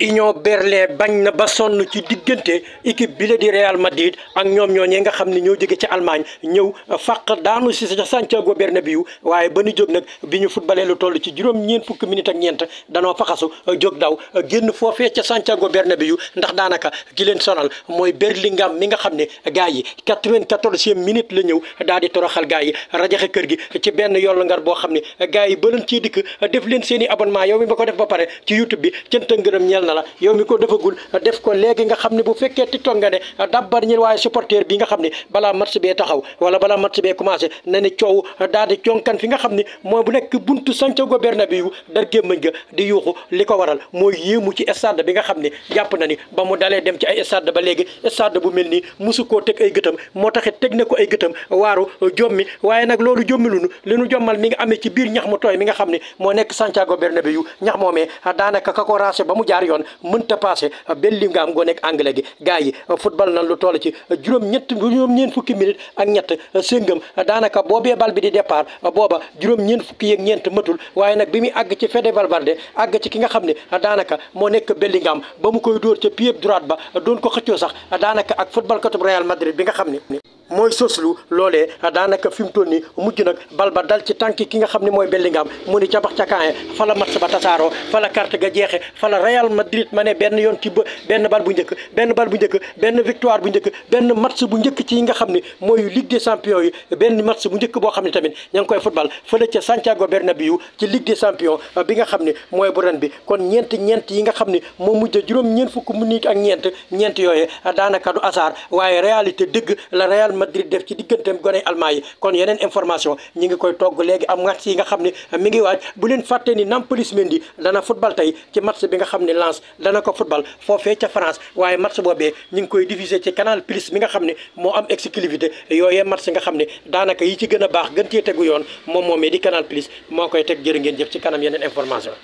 Union Berlin bañ na ba sonn ci diggante équipe bi la di Real Madrid ak ñoom ñoo ñooñee nga xam ne ñoo jege ci almaañ ñëw euh, fàq daanu si sa Santiago Bernabéu waaye ba nu jóg nag bi ñu futbalee lu toll ci juróom ñeen fukk minute ak ñeent danoo faxasu euh, jóg daw euh, génn foofee ca Santiago Bernabéu ndax daanaka ki leen sonal mooy Bellingham mi nga xam ne gars yi quatre-vingt-quatorzième minute la ñëw daal di toroxal gars yi rajaxe kër gi ci benn yollu ngar boo xam ne gars yi balan ciy dikk def leen seen i abonnement yow ko def ba pare ci YouTube bi cëntangërëm ñeel na la yow mi ko defagul def ko léegi nga xam ne bu fekkee tiktok nga ne dabbar ñi waaye supporter bi nga xam ne balaa match bee taxaw wala balaa match bee commencé na ne coow daal di conkan fi nga xam ne mooy nekk buntu Santiago li ko waral mooy yéemu ci stade bi nga xam ne jàpp na ba mu dalee dem ci ay stade ba léegi stade bu mel nii musu koo teg ay gëtam moo taxit teg na ko ay gëtam waaru jommi waaye nag loolu jommilunu li nu jommal mi nga amee ci biir ñax mu tooy mi nga xam ne moo nekk Santiago Bernabéu ñax moomee daanaka ka ko ba mu jaar yoon yoon a passé Bellingham goo nekk anglais gi gars yi football nan lu toll ci juróom ñett juróom ñeent fukki minute ak ñett séngam daanaka boobee bal bi di départ booba juróom ñeent fukki yeeg ñeent matul waaye nag bi mu àgg ci Fede Valverde àgg ci ki nga xam ne daanaka moo nekk Bellingham ba mu koy dóor ca pied droite ba doon ko xëccoo sax daanaka ak football katub Real Madrid bi nga xam ne mooy soslu loolee daanaka fi mu toll nii mujj nag bal ba dal ci tànki ki nga xam ne mooy Bellingham mu ni cabax ca kaay fa la match ba tasaaroo fa la ga jeexe fala la Real Madrid ma ne benn yoon ci benn bal bu njëkk benn bal bu njëkk benn victoire bu njëkk benn match bu njëkk ci yi nga xam ne mooy Ligue des Champions yi benn match bu njëkk boo xam ne tamit ña ngi koy football fële ca Santiago Bernabéu ci Ligue des Champions bi nga xam ne mooy bu ren bi kon ñeent ñeent yi nga xam ne moo mujj juróom ñeent fukk mu ak ñeent ñeent yooyee daanaka du hasard waaye réalité dëgg la Real Madrid def ci diggante gone Allemagne yi kon yeneen information ñi ngi koy togg léegi am match yi nga xam ne mi ngi waaj bu leen fàtte ni nam Nampalys Mendy dana football tey ci match bi nga xam ne lance dana ko football foofee ca France waaye match boobee ñi ngi koy diffusé ci Canal Plus mi nga xam ne moo am exclusivité yooyee match nga xam ne daanaka yi ci gën a baax gën cee tegu yoon moom moomee di Canal Plus moo koy teg jërë ngeen jëf ci kanam yeneen information